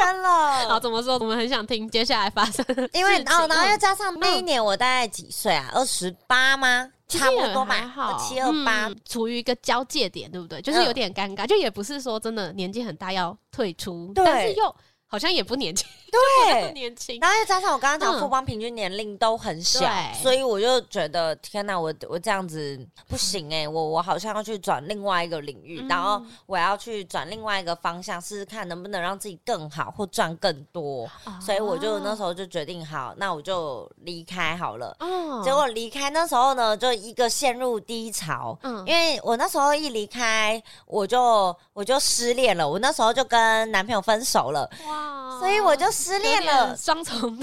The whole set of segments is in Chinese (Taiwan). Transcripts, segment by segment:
幹了， 好，怎麼說？我們很想聽接下來發生。因為，然、哦、後，然後又加上、嗯、那一年我大概幾歲啊？二十八嗎？差不多吧，二七二八，處於一個交界點，對不對？就是有點尷尬，嗯、就也不是說真的年紀很大要退出，對但是又。好像也不年輕，對， 年輕，然後再加上我剛剛講富邦平均年齡都很小，對所以我就覺得天哪，我我這樣子不行哎、欸，嗯、我我好像要去轉另外一個領域，嗯、然後我要去轉另外一個方向，試試看能不能讓自己更好或賺更多。啊、所以我就那時候就決定好，那我就離開好了。嗯、結果離開那時候呢，就一個陷入低潮，嗯、因為我那時候一離開，我就我就失戀了，我那時候就跟男朋友分手了。Oh, 所以我就失戀了，雙重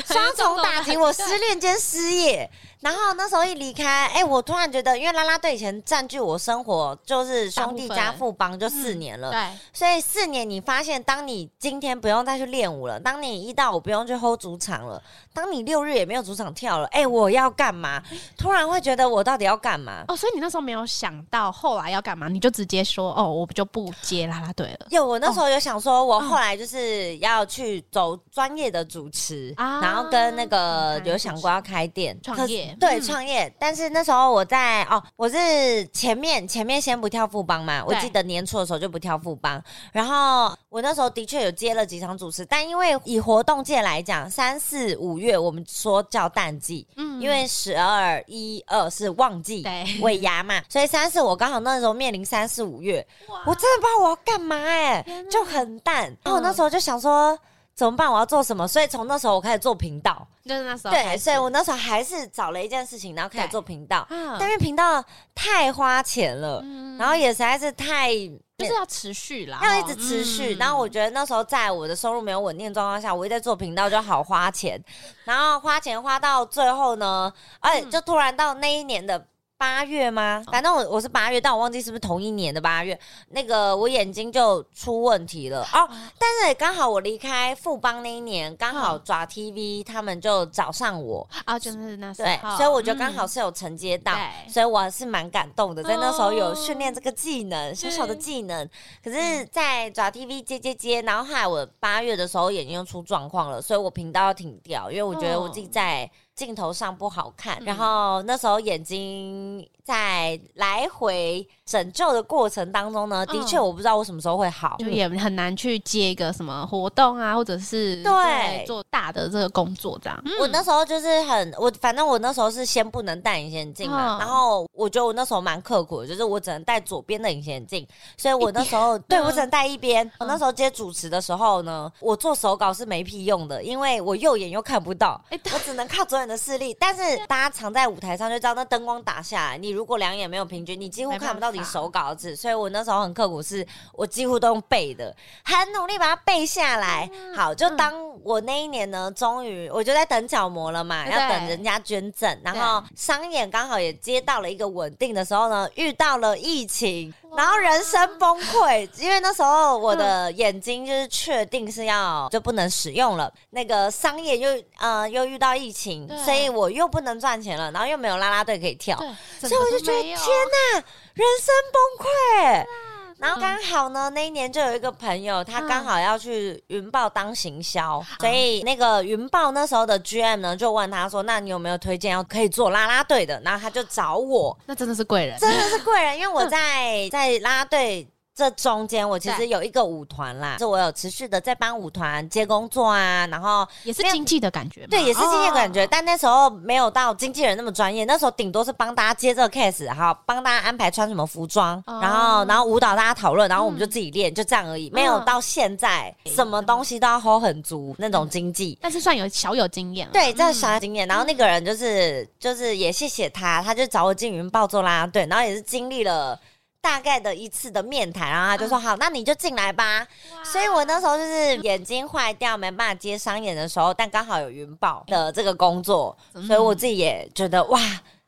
打擊，我失戀兼失業。 然後那時候一離開，哎、欸，我突然覺得，因為拉拉隊以前占據我生活，就是兄弟加富邦就四年了。了嗯、對，所以四年你發現，當你今天不用再去練舞了，當你一到五不用去 hold 主場了，當你六日也沒有主場跳了，哎、欸，我要幹嘛？突然會覺得我到底要幹嘛？哦，所以你那時候沒有想到後來要幹嘛？你就直接說，哦，我不就不接啦啦隊了。有，我那時候有想說，我後來就是要去走專業的主持，哦、然後跟那個、嗯、有想過要開店創業。是對，嗯、創業，但是那時候我在哦，我是前面前面先不跳富邦嘛，對我記得年初的時候就不跳富邦，然後我那時候的確有接了幾場主持，但因為以活動界來講，三四五月我們說叫淡季，嗯，因為十二一二是旺季尾牙對嘛，所以三四我剛好那時候面臨三四五月，哇我真的不知道我要幹嘛，哎、欸，哪就很淡，然後我那時候就想說、嗯、怎麼辦，我要做什麼？所以從那時候我開始做頻道。就是那時候，對，所以我那時候還是找了一件事情，然後開始做頻道，啊、但是頻道太花錢了，嗯、然後也實在是太就是要持續啦，也後要一直持續。嗯、然後我覺得那時候在我的收入沒有穩定的狀況下，我一直在做頻道就好花錢， 然後花錢花到最後呢，而且，就突然到那一年的。嗯八月嗎？反正我我是八月，但我忘記是不是同一年的八月。那個我眼睛就出問題了哦。但是剛好我離開富邦那一年，剛好抓 TV，他們就找上我啊、哦，就是那時候，對，所以我覺得剛好是有承接到，嗯、所以我還是蠻感動的，在那時候有訓練這個技能，哦、小小的技能。對可是，在抓 TV 接接接，然後後來我八月的時候眼睛又出狀況了，所以我頻道要停掉，因為我覺得我自己在。鏡頭上不好看，嗯、然後那時候眼睛在來回拯救的過程當中呢，哦、的確我不知道我什麼時候會好，就也很難去接一個什麼活動啊，或者是對做大的這個工作這樣。對嗯、我那時候就是很我，反正我那時候是先不能戴隱形眼鏡嘛，哦、然後我覺得我那時候蠻刻苦的，就是我只能戴左邊的隱形眼鏡，所以我那時候點對、嗯、我只能戴一邊。嗯、我那時候接主持的時候呢，我做手稿是沒屁用的，因為我右眼又看不到，欸、我只能靠左眼。的視力，但是大家常在舞台上就知道，那燈光打下來，你如果兩眼沒有平均，你幾乎看不到你手稿紙。所以我那時候很刻苦是，是我幾乎都用背的，很努力把它背下來。好，就當我那一年呢，終於我就在等角膜了嘛，嗯、要等人家捐贈，然後商演剛好也接到了一個穩定的時候呢，遇到了疫情。然後人生崩潰，因為那時候我的眼睛就是確定是要就不能使用了，那個商業又呃又遇到疫情，對所以我又不能賺錢了，然後又沒有拉拉隊可以跳，所以我就覺得天哪，人生崩潰。然後剛好呢，嗯、那一年就有一個朋友，他剛好要去雲豹當行銷，嗯、所以那個雲豹那時候的 GM 呢，就問他說：“那你有沒有推薦要可以做拉拉隊的？”然後他就找我，那真的是貴人，真的是貴人，因為我在、嗯、在拉拉隊。這中間我其實有一個舞團啦，就對我有持續的在幫舞團接工作啊，然後也是，也是經紀的感覺，對，也是經紀的感覺，但那時候沒有到經紀人那麼專業，oh、那時候頂多是幫大家接這個 case，哈，幫大家安排穿什麼服裝，oh、然後然後舞蹈大家討論，然後我們就自己練，嗯、就這樣而已，沒有到現在、嗯、什麼東西都要 hold 很足那種經紀、嗯、但是算有小有經驗，對，這小有經驗，然後那個人就是、嗯、就是也謝謝他，他就找我進雲暴走啦，對，然後也是經歷了。大概的一次的面談，然後他就說：“嗯、好，那你就進來吧。哇”所以，我那時候就是眼睛壞掉沒辦法接商演的時候，但剛好有雲寶的這個工作，嗯、所以我自己也覺得哇。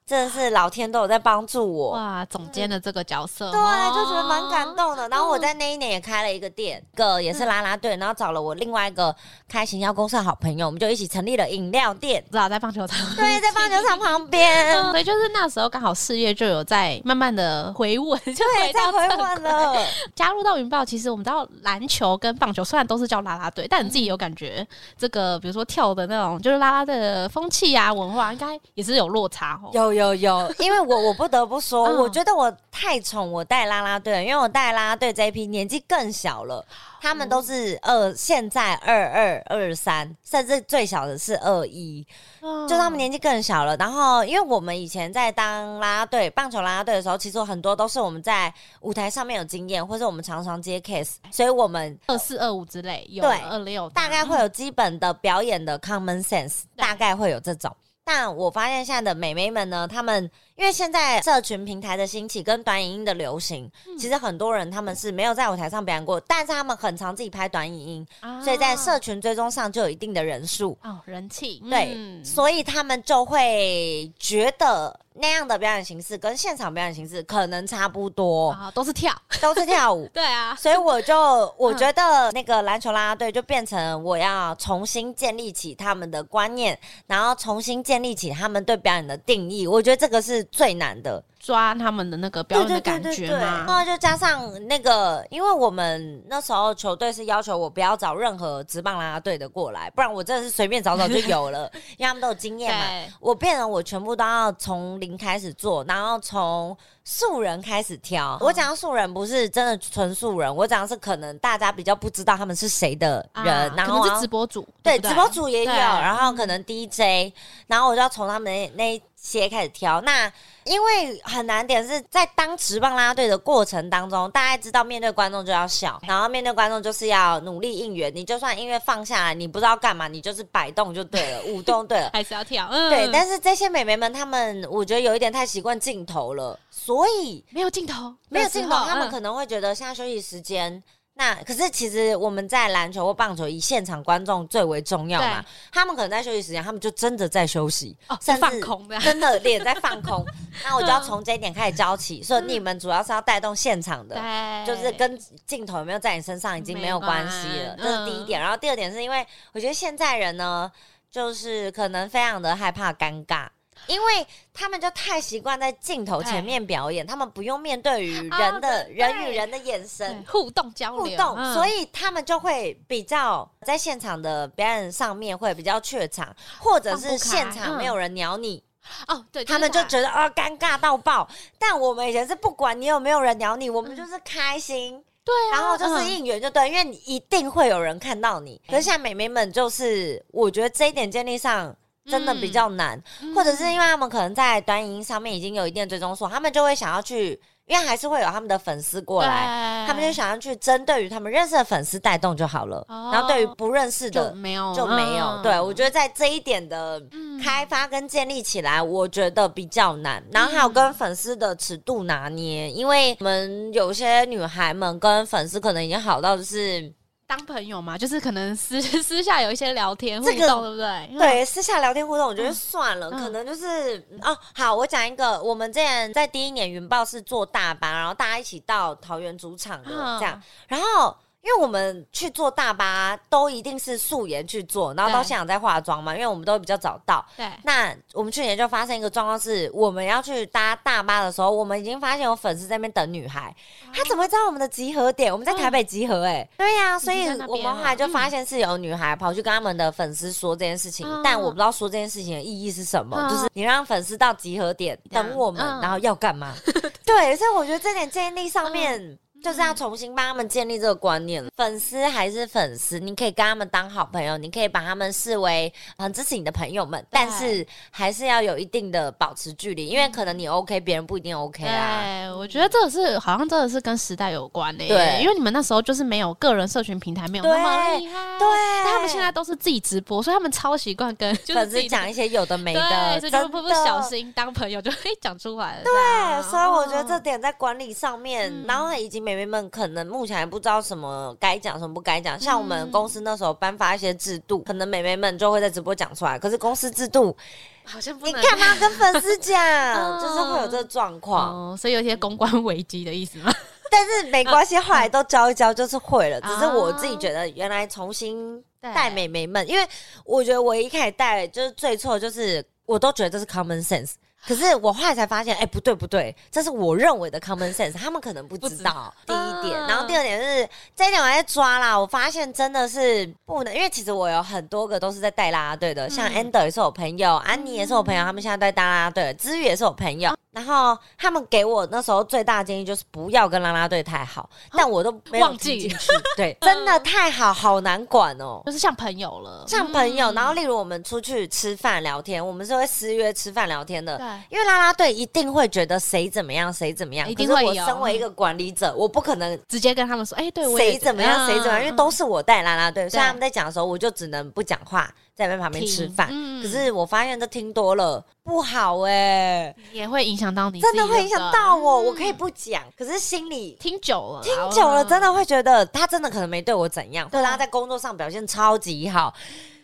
真的是老天都有在幫助我哇！總監的這個角色，嗯、對，哦、就覺得蠻感動的。然後我在那一年也開了一個店，嗯、個也是拉拉隊，然後找了我另外一個開行銷公司的好朋友，我們就一起成立了飲料店，知道在棒球場，對，在棒球場旁邊。所以、嗯、就是那時候剛好事業就有在慢慢的回穩，就在回穩了。加入到雲豹，其實我們知道籃球跟棒球雖然都是叫拉拉隊，但你自己有感覺、嗯、這個，比如說跳的那種，就是拉拉的風氣啊，文化應該也是有落差哦，有。有有，因為我我不得不說， 嗯、我覺得我太寵我帶拉拉隊了，因為我帶拉拉隊這一批年紀更小了，他們都是二、嗯，現在二二二三，甚至最小的是二一、嗯，就他們年紀更小了。然後，因為我們以前在當拉隊棒球拉拉隊的時候，其實有很多都是我們在舞台上面有經驗，或是我們常常接 case，所以我們二四二五之類，有對二六，大概會有基本的表演的 common sense，大概會有這種。那我發現現在的美眉們呢，她們。因為現在社群平台的興起跟短影音的流行，嗯、其實很多人他們是沒有在舞台上表演過，嗯、但是他們很常自己拍短影音，啊、所以在社群追蹤上就有一定的人數哦，人氣、嗯、對，所以他們就會覺得那樣的表演形式跟現場表演形式可能差不多，啊、都是跳，都是跳舞， 對啊，所以我就我覺得那個籃球啦啦隊就變成我要重新建立起他們的觀念，然後重新建立起他們對表演的定義，我覺得這個是。最難的抓他們的那個表演的感覺嘛然後就加上那個，因為我們那時候球隊是要求我不要找任何職棒啦啦隊的過來，不然我真的是隨便找找就有了，因為他們都有經驗嘛。我變成，我全部都要從零開始做，然後從素人開始挑。我講素人不是真的純素人，我講是可能大家比較不知道他們是誰的人，然後是直播主，對直播主也有，然後可能 DJ，然後我就要從他們那。先開始跳，那因為很難點是在當職棒啦啦隊的過程當中，大家知道面對觀眾就要笑，然後面對觀眾就是要努力應援。你就算音樂放下來，你不知道幹嘛，你就是擺動就對了， 舞動對了，還是要跳。嗯、對，但是這些美眉們，她們我覺得有一點太習慣鏡頭了，所以沒有鏡頭，沒有鏡頭，她們可能會覺得現在休息時間。那可是其實我們在籃球或棒球，以現場觀眾最為重要嘛。對他們可能在休息時間，他們就真的在休息哦，在放空。真的也在放空。 那我就要從這一點開始教起，嗯、所以你們主要是要帶動現場的，嗯、就是跟鏡頭有沒有在你身上已經沒有關係了。係，嗯、這是第一點，然後第二點是因為我覺得現在人呢，就是可能非常的害怕尷尬。因為他們就太習慣在鏡頭前面表演，哎、他們不用面對於人的、啊、人與人的眼神互動交流，互動、嗯、所以他們就會比較在現場的表演上面會比較怯場，或者是現場沒有人鳥你哦，對、啊，嗯、他們就覺得啊、呃、尷尬到爆。嗯、但我們以前是不管你有沒有人鳥你，我們就是開心，嗯、對、啊，然後就是應援就對，嗯、因為你一定會有人看到你。可是現在美眉們就是，哎、我覺得這一點建立上。真的比較難，嗯、或者是因為他們可能在短影音上面已經有一定的追蹤數，嗯、他們就會想要去，因為還是會有他們的粉絲過來，對他們就想要去針對於他們認識的粉絲帶動就好了。哦、然後對於不認識的，就沒，就沒有。嗯、對，我覺得在這一點的開發跟建立起來，嗯、我覺得比較難。然後還有跟粉絲的尺度拿捏，嗯、因為我們有些女孩們跟粉絲可能已經好到就是。當朋友嘛，就是可能私私下有一些聊天互動，這個，對不對？對，私下聊天互動，我覺得算了，嗯、可能就是、嗯、哦。好，我講一個，我們之前在第一年雲豹是坐大巴，然後大家一起到桃園主場的、嗯、這樣，然後。因為我們去坐大巴都一定是素顏去做，然後到現場再化妝嘛。對因為我們都比較早到，對。那我們去年就發生一個狀況，是我們要去搭大巴的時候，我們已經發現有粉絲在那邊等女孩。啊、他怎麼會知道我們的集合點？我們在台北集合、欸，哎、哦，對呀、啊。所以我們後來就發現是有女孩跑去跟他們的粉絲說這件事情，嗯、但我不知道說這件事情的意義是什麼。嗯、就是你讓粉絲到集合點等我們，嗯、然後要幹嘛？嗯、 對，所以我覺得這點建議上面、嗯。就是要重新幫他們建立這個觀念，粉絲還是粉絲，你可以跟他們當好朋友，你可以把他們視為很支持你的朋友們，但是還是要有一定的保持距離，因為可能你 OK，別人不一定 OK 啊。對，我覺得這個是好像真的是跟時代有關的。對，因為你們那時候就是沒有個人社群平台，沒有那麼厲害。對，他們現在都是自己直播，所以他們超習慣跟粉絲講一些有的沒的，就是不不小心當朋友就可以講出來了。對，所以我覺得這點在管理上面，然後已經。妹妹們可能目前還不知道什麼該講什麼不該講，像我們公司那時候頒發一些制度，嗯、可能妹妹們就會在直播講出來。可是公司制度好像不，你幹嘛跟粉絲講， 嗯、就是會有這個狀況，嗯嗯，所以有些公關危機的意思嗎？但是沒關係，嗯、後來都教一教，就是會了。嗯、只是我自己覺得，原來重新帶妹妹們，對因為我覺得我一開始帶就是最錯，就是我都覺得這是 common sense。可是我後來才發現，哎、欸，不對不對，這是我認為的 common sense，他們可能不知道，不知道第一點，然後第二點、就是這一點我在抓啦，我發現真的是不能，因為其實我有很多個都是在帶啦啦隊的，嗯、像 Ander 也是我朋友，安妮也是我朋友，嗯、他們現在帶在啦啦隊，知宇也是我朋友。啊然後他們給我那時候最大的建議就是不要跟拉拉隊太好，但我都忘記。對，真的太好好難管哦，就是像朋友了，像朋友。然後例如我們出去吃飯聊天，我們是會私約吃飯聊天的，對，因為拉拉隊一定會覺得誰怎麼樣誰怎麼樣，一定會，我身為一個管理者，我不可能直接跟他們說，哎，對，誰怎麼樣誰怎麼樣，因為都是我帶拉拉隊，所以他們在講的時候，我就只能不講話。在在旁邊吃飯，嗯、可是我發現都聽多了不好哎、欸，也會影響到你，真的會影響到我。嗯、我可以不講，可是心裡聽久了，聽久了,聽久了真的會覺得他真的可能沒對我怎樣，對他在工作上表現超級好，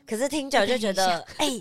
對可是聽久了就覺得哎。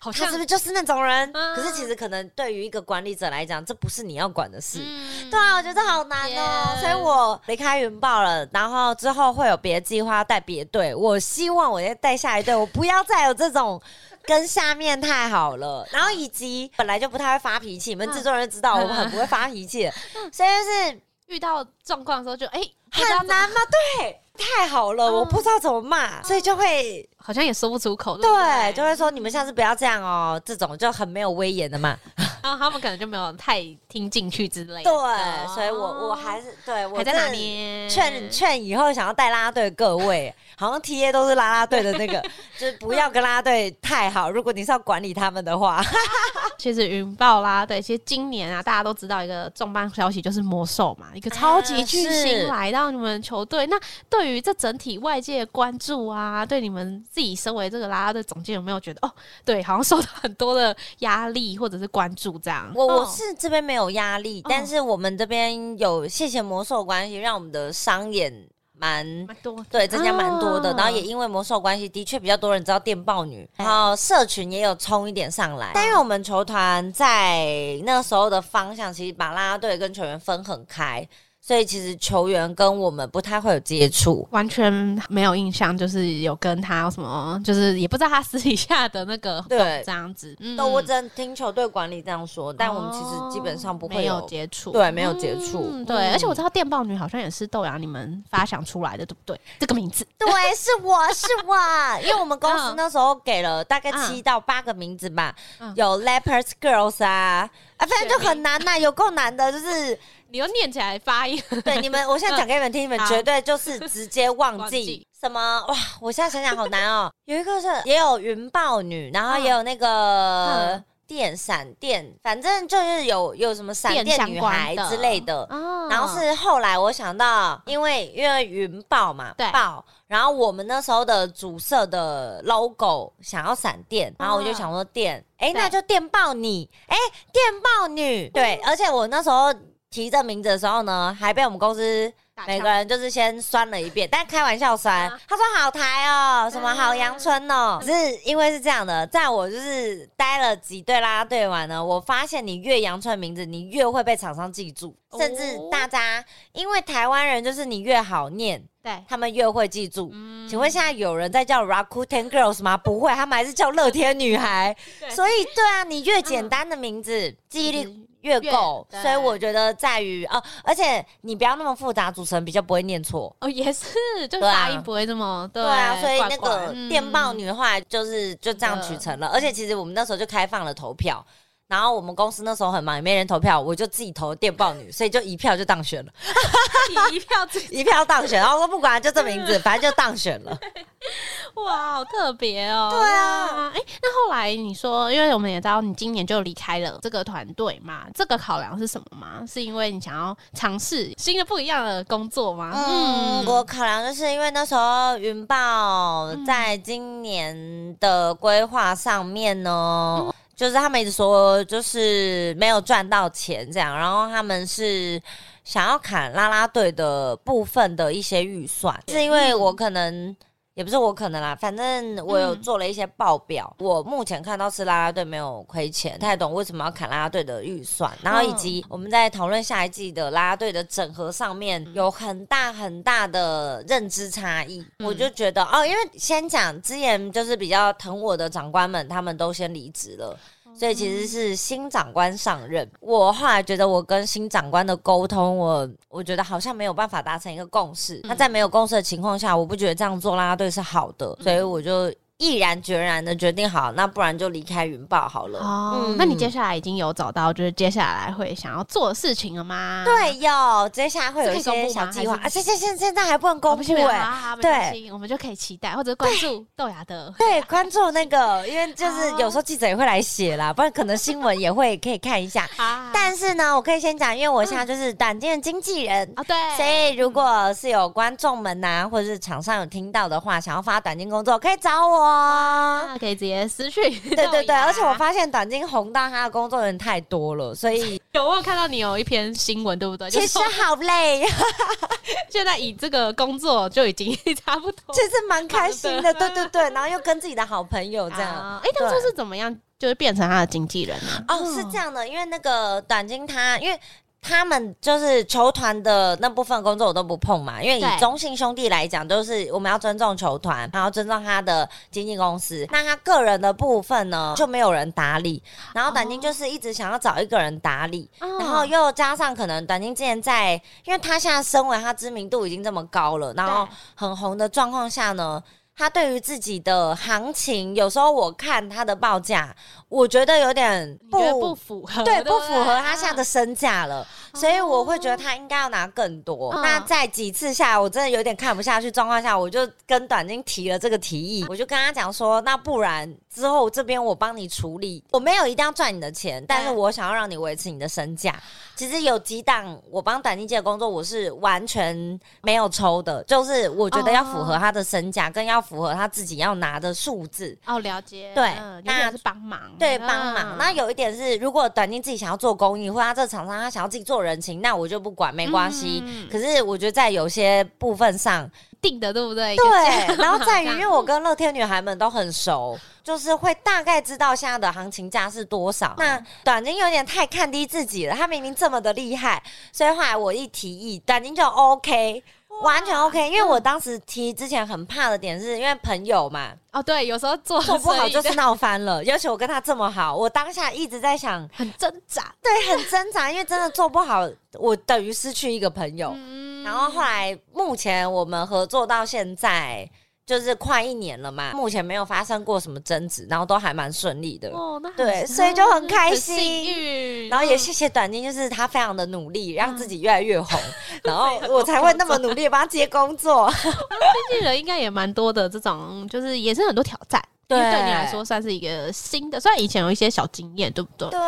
好，他是不是就是那種人？啊、可是其實可能對於一個管理者來講，這不是你要管的事。嗯、對啊，我覺得好難哦，Yeah. 所以我離開雲豹了。然後之後會有別的計劃，帶別的隊。我希望我再帶下一隊， 我不要再有這種跟下面太好了。然後以及本來就不太會發脾氣，啊、你們制作人知道我們很不會發脾氣，嗯啊、 所以就是遇到狀況的時候，就哎很難嗎？對。太好了，哦、我不知道怎麼罵，所以就會好像也說不出口，對，對對就會說，你們下次不要這樣哦，這種就很沒有威嚴的嘛。然後他們可能就沒有太聽進去之類的。對，所以我、哦、我還是對我在那裡勸勸以後想要帶啦啦隊各位。 好像 T A 都是啦啦隊的那個， 就是不要跟啦啦隊太好。 如果你是要管理他們的話， 其實雲豹啦，對，其實今年啊，大家都知道一個重磅消息，就是魔獸嘛，一個超級巨星來到你們球隊。啊、那對於這整體外界關注啊，對你們自己身為這個啦啦隊總監，有沒有覺得哦，對，好像受到很多的壓力或者是關注這樣？我、哦、我是這邊沒有壓力，哦、但是我們這邊有謝謝魔獸的關係，讓我們的商演。蠻蠻多的，對，增加蠻多的，啊、然後也因為魔獸關係，的確比較多人知道電報女，然後社群也有衝一點上來，嗯、但是我們球團在那時候的方向，其實把啦啦隊跟球員分很開。所以其實球員跟我們不太會有接觸，完全沒有印象，就是有跟他什麼，就是也不知道他私底下的那個對這樣子。都我只能聽球隊管理這樣說，但我們其實基本上不會有接觸，對，沒有接觸。對，而且我知道電豹女好像也是豆芽你們發想出來的，對不對？這個名字，對，是我是我，因為我們公司那時候給了大概七到八個名字吧，有 Leopards Girls 啊，反正就很難吶，有夠難的，就是。你要念起來發音？對，你們我現在講給你們聽，你們絕對就是直接忘記什麼哇！我現在想想好難哦。有一個是也有雲豹女，然後也有那個電閃電，反正就是有有什麼閃電女孩之類的。然後是後來我想到，因為因為雲豹嘛，豹，然後我們那時候的主色的 logo 想要閃電，然後我就想說電，哎，那就電豹你，哎，電豹女，對，而且我那時候，提這名字的時候呢，還被我們公司每個人就是先酸了一遍，但開玩笑酸。啊、他說：“好台哦、喔，啊、什麼好陽春哦、喔。啊”是因為是這樣的，在我就是待了幾隊啦啦隊完呢，我發現你越陽春的名字，你越會被廠商記住，哦、甚至大家因為台灣人就是你越好念，對他們越會記住。嗯、請問現在有人在叫 Rakuten Girls 嗎？ 不會，他們還是叫樂天女孩。對所以，對啊，你越簡單的名字， 嗯、記憶力。越夠，所以我覺得在於哦，而且你不要那麼複雜組成，主持人比較不會念錯哦。也是，就發音不會這麼對啊，對，對啊。所以那個電報女的話，就是就這樣取成了。嗯，而且其實我們那時候就開放了投票，對然後我們公司那時候很忙，也沒人投票，我就自己投電報女，對所以就一票就當選了。一 票一票當選，然後我說不管，就這名字，對反正就當選了。哇，好特別哦，喔！對啊，哎，欸，那後來你說，因為我們也知道你今年就離開了這個團隊嘛，這個考量是什麼嗎？是因為你想要嘗試新的不一樣的工作嗎？嗯，嗯我考量就是因為那時候雲豹在今年的規劃上面呢，嗯，就是他們一直說就是沒有賺到錢這樣，然後他們是想要砍拉拉隊的部分的一些預算，嗯，是因為我可能。也不是我可能啦，反正我有做了一些報表，嗯、我目前看到是啦啦隊沒有虧錢，太懂為什麼要砍啦啦隊的預算，然後以及我們在討論下一季的啦啦隊的整合上面，嗯、有很大很大的認知差異，嗯、我就覺得哦，因為先講之前就是比較疼我的長官們，他們都先離職了。所以其實是新長官上任，嗯、我後來覺得我跟新長官的溝通，我我覺得好像沒有辦法達成一個共識。那、嗯、在沒有共識的情況下，我不覺得這樣做啦啦隊是好的，嗯、所以我就。毅然決然的決定好，那不然就離開雲豹好了。哦，那你接下來已經有找到，就是接下來會想要做的事情了嗎？對，有，接下來會有一些小計劃。啊，現現現現在還不能公布。對，我們就可以期待或者關注豆芽的。對，關注那個，因為就是有時候記者也會來寫啦，不然可能新聞也會可以看一下。啊，但是呢，我可以先講，因為我現在就是短見經紀人啊，對。所以，如果是有觀眾們吶，或者是場上有聽到的話，想要發短見工作，可以找我。哇、啊，可以直接私訊。對對對，而且我發現短金宏大他的工作人員太多了，所以 有沒有看到你有一篇新聞，對不對？其實好累， 現在以這個工作就已經差不多。其實蠻開心的，啊、對對對， 然後又跟自己的好朋友這樣。哎、啊，當初是怎麼樣，就是變成他的經紀人呢、啊？哦，是這樣的，因為那個短金他因為。他們就是球團的那部分工作我都不碰嘛，因為以中信兄弟來講，就是我們要尊重球團，然後尊重他的經紀公司。那他個人的部分呢，就沒有人打理。然後短金就是一直想要找一個人打理，Oh. Oh. 然後又加上可能短金之前在，因為他現在身為他知名度已經這麼高了，然後很紅的狀況下呢。他對於自己的行情，有時候我看他的報價，我覺得有點不不符合，對，不，對，對不符合他現在的身價了，哦、所以我會覺得他應該要拿更多。哦、那在幾次下來，我真的有點看不下去狀況下，我就跟短金提了這個提議，我就跟他講說，那不然之後這邊我幫你處理，我沒有一定要賺你的錢，但是我想要讓你維持你的身價。對其實有幾檔我幫短金接的工作，我是完全沒有抽的，就是我覺得要符合他的身價，跟、哦、要。符合他自己要拿的數字哦，了解。對，那幫、嗯、忙，對幫忙。嗯、那有一點是，如果短晶自己想要做公益，或者他這個廠商他想要自己做人情，那我就不管，沒關係。嗯、可是我覺得在有些部分上定的，對不對？對。然後在於，因為我跟樂天女孩們都很熟， 就是會大概知道現在的行情價是多少。嗯、那短晶有點太看低自己了，他明明這麼的厲害，所以後來我一提議，短晶就 OK。完全 OK，因為我當時提之前很怕的點是，因為朋友嘛，哦對，有時候做做不好就是鬧翻了，尤其我跟他這麼好，我當下一直在想，很掙扎，對，很掙扎，因為真的做不好， 我等於失去一個朋友。嗯，然後後來目前我們合作到現在。就是快一年了嘛，目前沒有發生過什麼爭執，然後都還蠻順利的，哦、那對，所以就很開心。然後也謝謝短金，就是他非常的努力，嗯、讓自己越來越紅，嗯、然後我才會那麼努力幫、嗯、他接工作。經紀 人應該也蠻多的，這種就是也是很多挑戰。對，對你來說算是一個新的，雖然以前有一些小經驗，對不對？對，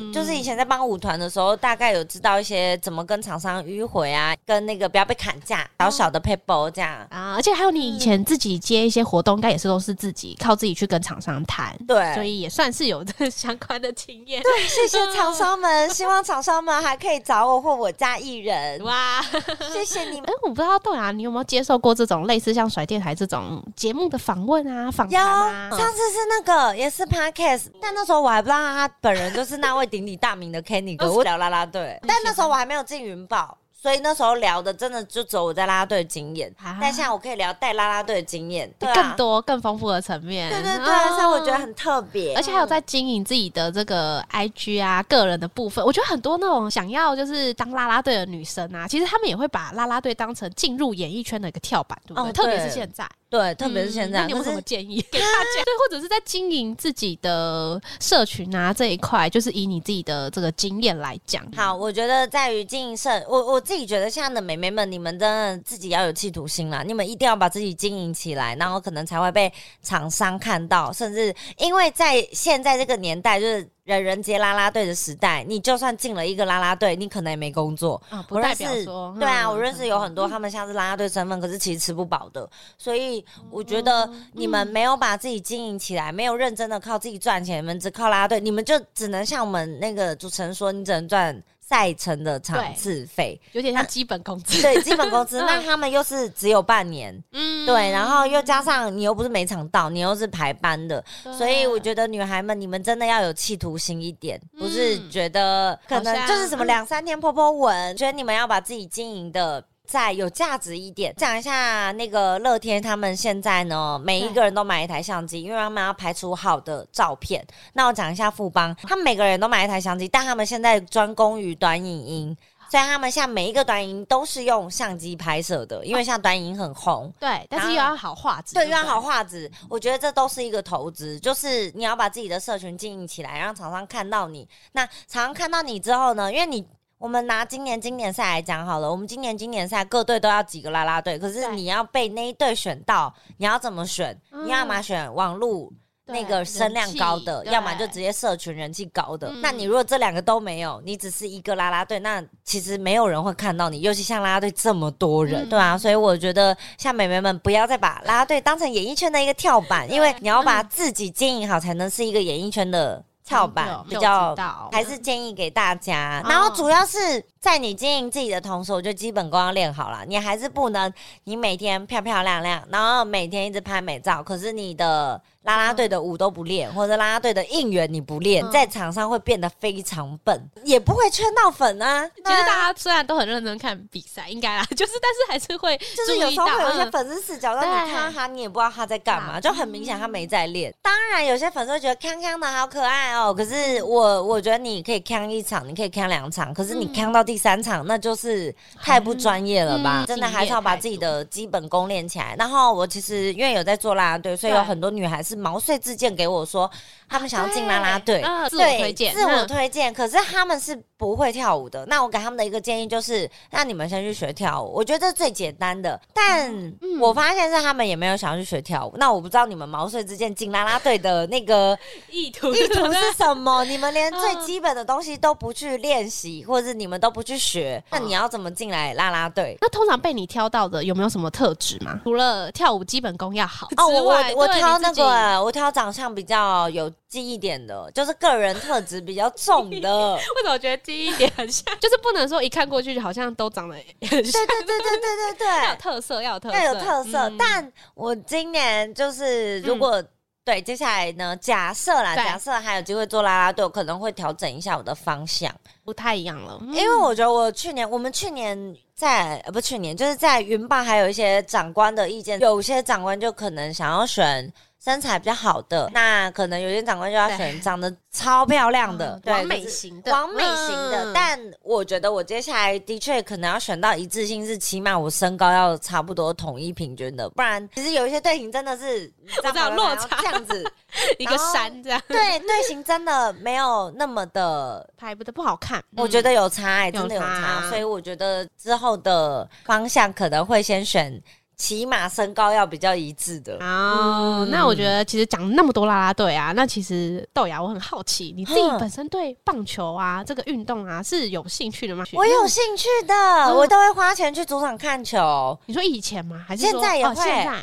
嗯、就是以前在幫舞團的時候，大概有知道一些怎麼跟廠商迂迴啊，跟那個不要被砍價，嗯、小小的撇步這樣啊。而且還有你以前自己接一些活動，應該也是都是自己靠自己去跟廠商談，對，所以也算是有這相關的經驗。對，謝謝廠商們， 希望廠商們還可以找我或我家藝人哇， 謝謝你們。哎、欸，我不知道豆芽、啊，你有沒有接受過這種類似像甩電台這種節目的訪問啊？訪談啊。有嗯、上次是那個也是 podcast，、嗯、但那時候我還不知道他本人就是那位鼎鼎大名的 Kenny， 是聊啦啦隊，但那時候我還沒有進雲寶，所以那時候聊的真的就只有我在啦啦隊的經驗。啊、但現在我可以聊帶啦啦隊的經驗，啊欸，更多更豐富的層面。對對對，哦、所以我覺得很特別，而且還有在經營自己的這個 IG 啊個人的部分。我覺得很多那種想要就是當啦啦隊的女生啊，其實她們也會把啦啦隊當成進入演藝圈的一個跳板，對不對？哦、對特別是現在。對，特別是現在，嗯、你有什麼建議給大家？ 對，或者是在經營自己的社群啊這一塊，就是以你自己的這個經驗來講。好，我覺得在於經營社，我我自己覺得現在的美眉們，你們真的自己要有企圖心啦。你們一定要把自己經營起來，然後可能才會被廠商看到，甚至因為在現在這個年代，就是。人人皆拉拉隊的時代，你就算進了一個拉拉隊，你可能也沒工作。啊、嗯，不認識對啊，我認識有很多他們像是拉拉隊身份，嗯、可是其實吃不飽的。所以我覺得你們沒有把自己經營起來，嗯、沒有認真的靠自己賺錢，你們只靠拉拉隊，你們就只能像我們那個主持人說，你只能賺。賽程的場次費有點像基本工資，對，基本工資， 那他們又是只有半年，嗯，對，然後又加上你又不是每場到，你又是排班的，對所以我覺得女孩們，你們真的要有企圖心一點，嗯、不是覺得可能就是什麼兩三天潑潑文，覺得你們要把自己經營的。再有價值一點，講一下那個樂天他們現在呢，每一個人都買一台相機，對因為他們要拍出好的照片。那我講一下富邦，他們每個人都買一台相機，但他們現在專攻於短影音，所以他們現在每一個短影音都是用相機拍攝的，因為像短影音很紅。哦、對，後但是又要好畫質，對，又要好畫質，我覺得這都是一個投資，就是你要把自己的社群經營起來，讓廠商看到你。那廠商看到你之後呢，因為你。我們拿今年經典賽來講好了，我們今年經典賽各隊都要幾個啦啦隊，可是你要被那一隊選到，你要怎麼選？對你要嘛選網路那個聲量高的，要麼就直接社群人氣高的。對那你如果這兩個都沒有，你只是一個啦啦隊，那其實沒有人會看到你，尤其像啦啦隊這麼多人，嗯、對啊。所以我覺得，像美眉們不要再把啦啦隊當成演藝圈的一個跳板，對因為你要把自己經營好，才能是一個演藝圈的。跳板比較，還是建議給大家。然後主要是在你經營自己的同時，我覺得基本功要練好了。你還是不能，你每天漂漂亮亮，然後每天一直拍美照，可是你的。啦啦隊的舞都不練，或者啦啦隊的應援你不練，嗯、在場上會變得非常笨，也不會圈到粉啊。嗯、其實大家雖然都很認真看比賽，應該啊，就是但是還是會就是有時候會有一些粉絲視角，當你看哈，對你也不知道他在幹嘛，對就很明顯他沒在練。嗯、當然有些粉絲會覺得康康的好可愛哦、喔，可是我我覺得你可以康一場，你可以康兩場，可是你康到第三場，嗯、那就是太不專業了吧？嗯嗯、真的還是要把自己的基本功練起來。然後我其實因為有在做啦啦隊，所以有很多女孩是。毛遂自薦給我說，他們想要進啦啦隊，啊、對自我推薦，對自我推薦。啊、可是他們是。不會跳舞的，那我給他們的一個建議就是，那你們先去學跳舞。我覺得最簡單的，但我發現是他們也沒有想要去學跳舞。那我不知道你們毛遂自薦進啦啦隊的那個意圖意圖是什麼？ 你們連最基本的東西都不去練習，或者是你們都不去學，嗯、那你要怎麼進來啦啦隊、嗯？那通常被你挑到的有沒有什麼特質嗎？除了跳舞基本功要好哦之外，哦、我，對我挑那個、啊、我挑長相比較有。近一點的，就是個人特質比較重的。 為什麼我覺得近一點很像？ 就是不能說一看過去就好像都長得很像……對，對對對對對對對，要有特色，要特要有特色。但我今年就是，如果，嗯、對接下來呢，假設啦，對假設還有機會做啦啦隊，我可能會調整一下我的方向，不太一樣了。嗯、因為我覺得我去年，我們去年在不去年就是在雲霸，還有一些長官的意見，有些長官就可能想要選。身材比較好的，那可能有些長官就要選長得超漂亮的，完美型、完美型的。嗯、但我覺得我接下來的確可能要選到一致性，是起碼我身高要差不多統一平均的，不然其實有一些隊形真的是你知、知落差這樣子， 一個山這樣。對， 對，隊形真的沒有那麼的拍不得不好看，嗯、我覺得有差、欸、真的有差。有差，所以我覺得之後的方向可能會先選。起碼身高要比較一致的哦、嗯。那我覺得其實講那麼多啦啦隊，啊，那其實豆芽，我很好奇，你自己本身對棒球啊這個運動啊是有興趣的嗎？我有興趣的，嗯、我都會花錢去主場看球。你說以前嗎？還是現在也會？哦、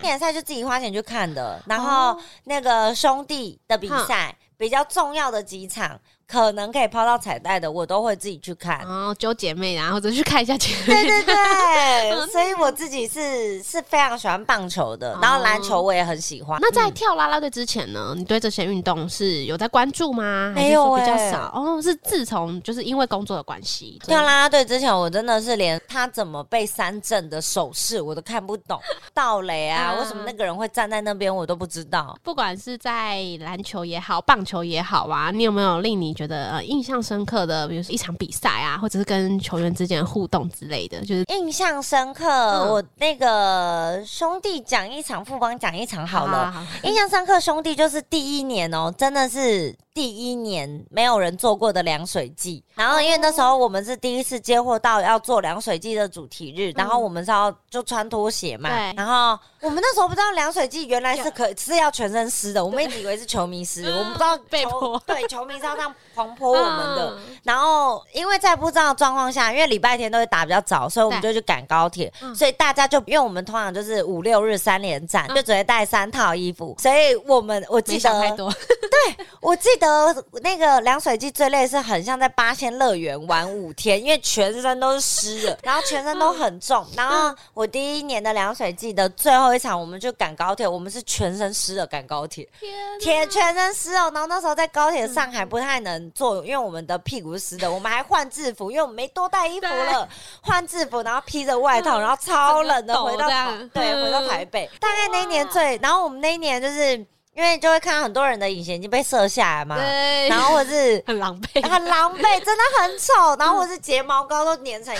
現在、啊、就自己花錢去看的。然後那個兄弟的比賽，哼比較重要的幾場。可能可以拋到彩帶的，我都會自己去看哦，揪、oh, 姐妹啊，或者去看一下姐妹。 對對對，所以我自己是是非常喜歡棒球的，oh. 然後籃球我也很喜歡。那在跳啦啦隊之前呢，嗯、你對這些運動是有在關注嗎？沒有，比較少哦。Oh, 是自從就是因為工作的關係，跳啦啦隊之前，我真的是連他怎麼被三振的手勢我都看不懂，盜壘啊，uh huh. 為什麼那個人會站在那邊，我都不知道。不管是在籃球也好，棒球也好啊，你有沒有令你？覺得呃，印象深刻的，比如說一場比賽啊，或者是跟球員之間的互動之類的，就是印象深刻。嗯、我那個兄弟講一場，富邦講一場，好了。好啊、好印象深刻，兄弟就是第一年哦，真的是第一年沒有人做過的涼水祭。好然後因為那時候我們是第一次接獲到要做涼水祭的主題日，嗯、然後我們是要就穿拖鞋嘛。對然後我們那時候不知道涼水祭原來是可就是要全身濕的，我們也以為是球迷濕，對我們不知道被潑球對球迷要這狂潑我們的，嗯、然後因為在不知道狀況下，因為禮拜天都會打比較早，所以我們就去趕高鐵，嗯、所以大家就因為我們通常就是五六日三連戰，就直接帶三套衣服，所以我們我記得，對 我記得那個涼水季最累是很像在八仙樂園玩五天，因為全身都是濕的，然後全身都很重，嗯、然後我第一年的涼水季的最後一場，我們就趕高鐵，我們是全身濕的趕高鐵，天哪，鐵全身濕哦，然後那時候在高鐵上還不太能。作用，因為我們的屁股是濕的，我們還換制服，因為我們沒多帶衣服了，換制服，然後披着外套，然後超冷的回到，對，回到台北，大概那一年最，然後我們那一年就是因為就會看到很多人的隱形眼鏡被射下來嘛，然後或是很狼狽，很狼狽真的很醜，然後或是睫毛膏都粘成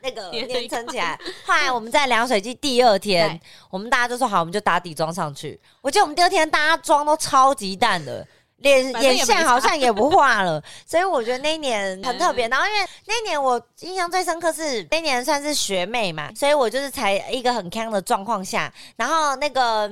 那個粘成起來，後來我們在涼水季第二天，我們大家就說好，我們就打底妝上去，我記得我們第二天大家妝都超級淡的。臉，臉 眼線好像也不畫了， 所以我覺得那一年很特別。然後因為那一年我印象最深刻是那一年算是學妹嘛，所以我就是才一個很鏘的狀況下，然後那個。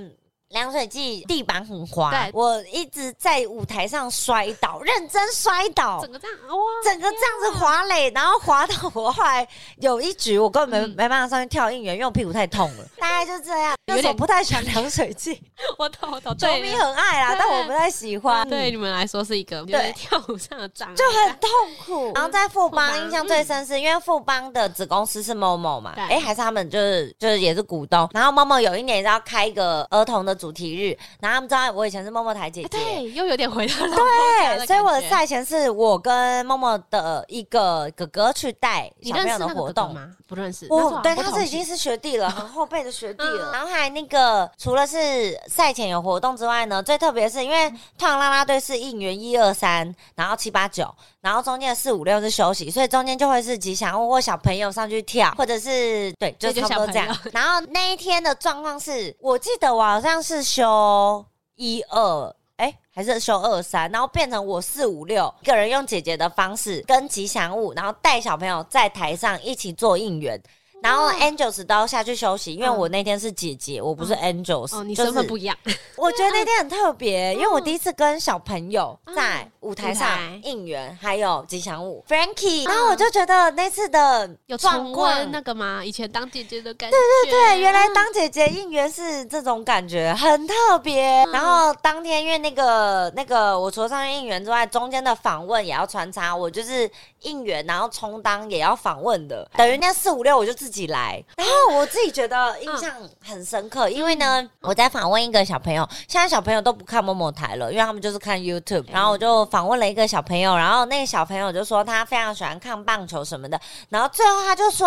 涼水季地板很滑，我一直在舞台上摔倒，認真摔倒，整個這樣，哇，整個這樣子滑壘，然後滑到我後來有一局我根本沒沒辦法上去跳應援，因為我屁股太痛了，大概就這樣。有點，我不太喜歡涼水季。我懂我懂，球迷很愛啦，但我不太喜歡。對你們來說是一個對跳舞上的障礙就很痛苦，然後在富邦印象最深是，因為富邦的子公司是 Momo 嘛，哎，還是他們就是就是也是股東，然後 Momo 有一年是要開一個兒童的。主題日，然後他們知道我以前是 MOMO 台姐姐，對，又有點回到了對，所以我的賽前是我跟 MOMO 的一個哥哥去帶小朋友的活動哥哥嗎？不認識，哦我，對，他是已經是學弟了，很 後，後輩的學弟了。嗯、然後還那個除了是賽前有活動之外呢，最特別是因為太陽、嗯、拉拉隊是應援一二三，然後七八九，然後中間的四五六是休息，所以中間就會是吉祥物或小朋友上去跳，或者是對，就差不多這樣。然後那一天的狀況是我記得我好像，是修一二哎、欸，還是修二三？然後變成我四五六一個人用姐姐的方式跟吉祥物，然後帶小朋友在台上一起做應援。然後、哦、Angels 都要下去休息，因為我那天是姐姐，嗯、我不是 Angels，哦、就是，哦你身份不一樣。我覺得那天很特別，嗯啊、因為我第一次跟小朋友在舞台上應援，嗯、還有吉祥物、嗯啊、Frankie，然後我就覺得那次的有重溫那個嗎？以前當姐姐的感覺，對對對，嗯啊、原來當姐姐應援是這種感覺，很特別。然後當天因為那個那個，我除了上應援之外，中間的訪問也要穿插，我就是應援，然後充當也要訪問的，等於那四五六我就自己。起來，然後我自己覺得印象很深刻，因為呢，我在訪問一個小朋友，現在小朋友都不看某某台了，因為他們就是看 YouTube。然後我就訪問了一個小朋友，然後那個小朋友就說他非常喜歡看棒球什麼的，然後最後他就說：“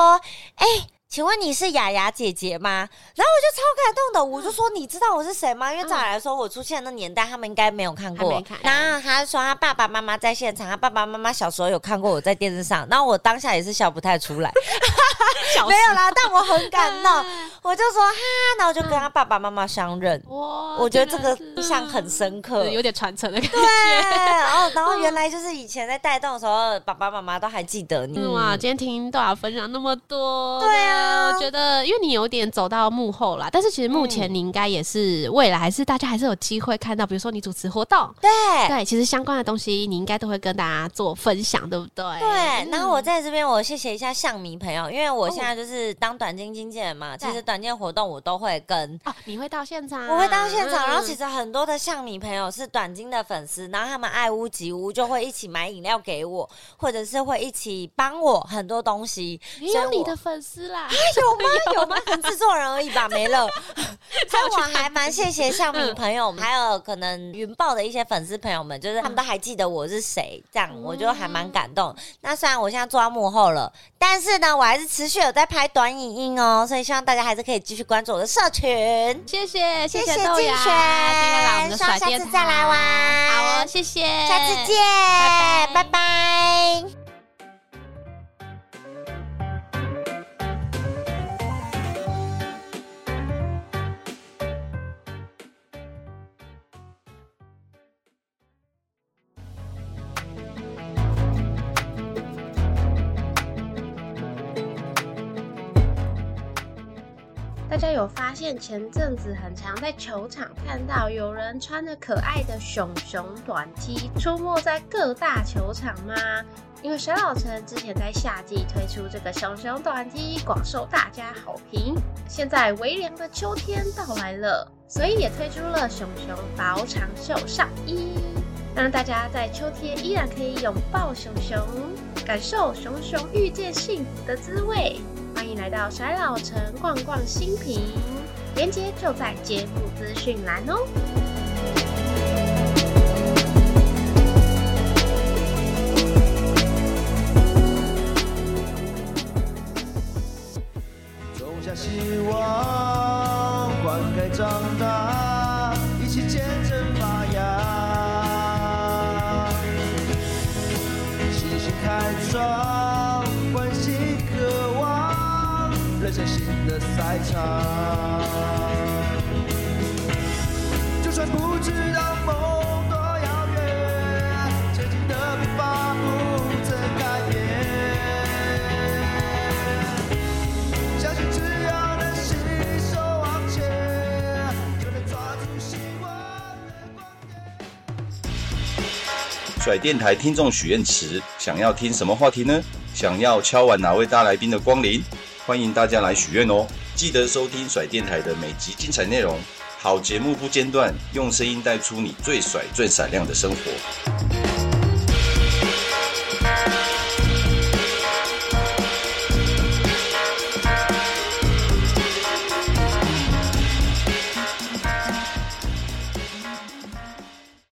哎、欸。”請問你是雅雅姐姐嗎？然後我就超感動的，我就說，你知道我是誰嗎？因為早來來說，我出現的那年代，他們應該沒有看過。看然後他說他爸爸媽媽在現場，他爸爸媽媽小時候有看過我在電視上。然後我當下也是笑不太出來， 小時候 沒有啦，但我很感動。哎、我就說哈，然後我就跟他爸爸媽媽相認。哇，我覺得這個印象很深刻，有點傳承的感覺。然後、哦、然後原來就是以前在帶動的時候，爸爸媽媽都還記得你。哇、嗯，嗯、今天聽豆芽，分享那麼多，對啊。嗯、我覺得，因為你有點走到幕後啦，但是其實目前你應該也是未來，還是大家還是有機會看到，比如說你主持活動，對對，其實相關的東西你應該都會跟大家做分享，對不對？對。然後我在這邊，我謝謝一下向米朋友，因為我現在就是當短金經紀人嘛，哦、其實短金活動我都會跟哦對、啊，你會到現場，我會到現場。嗯、然後其實很多的向米朋友是短金的粉絲，然後他們愛屋及烏，就會一起買飲料給我，或者是會一起幫我很多東西。也有你的粉絲啦。欸、有嗎？有嗎？很製作人而已吧， 沒了樂。那我還蠻謝謝像米，嗯、朋友們，還有可能雲豹的一些粉絲朋友們，就是他們都還記得我是誰，這樣我就還蠻感動。嗯、那雖然我現在坐到幕後了，但是呢，我還是持續有在拍短影音哦，所以希望大家還是可以繼續關注我的社群。謝謝，謝謝靖玄，謝謝今天來我們的甩電台，下次再來玩。好哦，謝謝，下次見，拜拜，拜拜。大家有發現前陣子很常在球場看到有人穿着可愛的熊熊短 T 出沒在各大球場嗎？因為甩佬城之前在夏季推出這個熊熊短 T 廣受大家好評，現在微涼的秋天到來了，所以也推出了熊熊薄長袖上衣，讓大家在秋天依然可以擁抱熊熊，感受熊熊遇見幸福的滋味。歡迎來到甩佬城逛逛新品，連接就在節目資訊欄哦。種下希望甩電台聽眾許願池，想要聽什麼話題呢？想要敲碗哪位大來賓的光臨？歡迎大家來許願哦！記得收聽甩電台的每集精彩內容，好節目不間斷，用聲音帶出你最甩最閃亮的生活。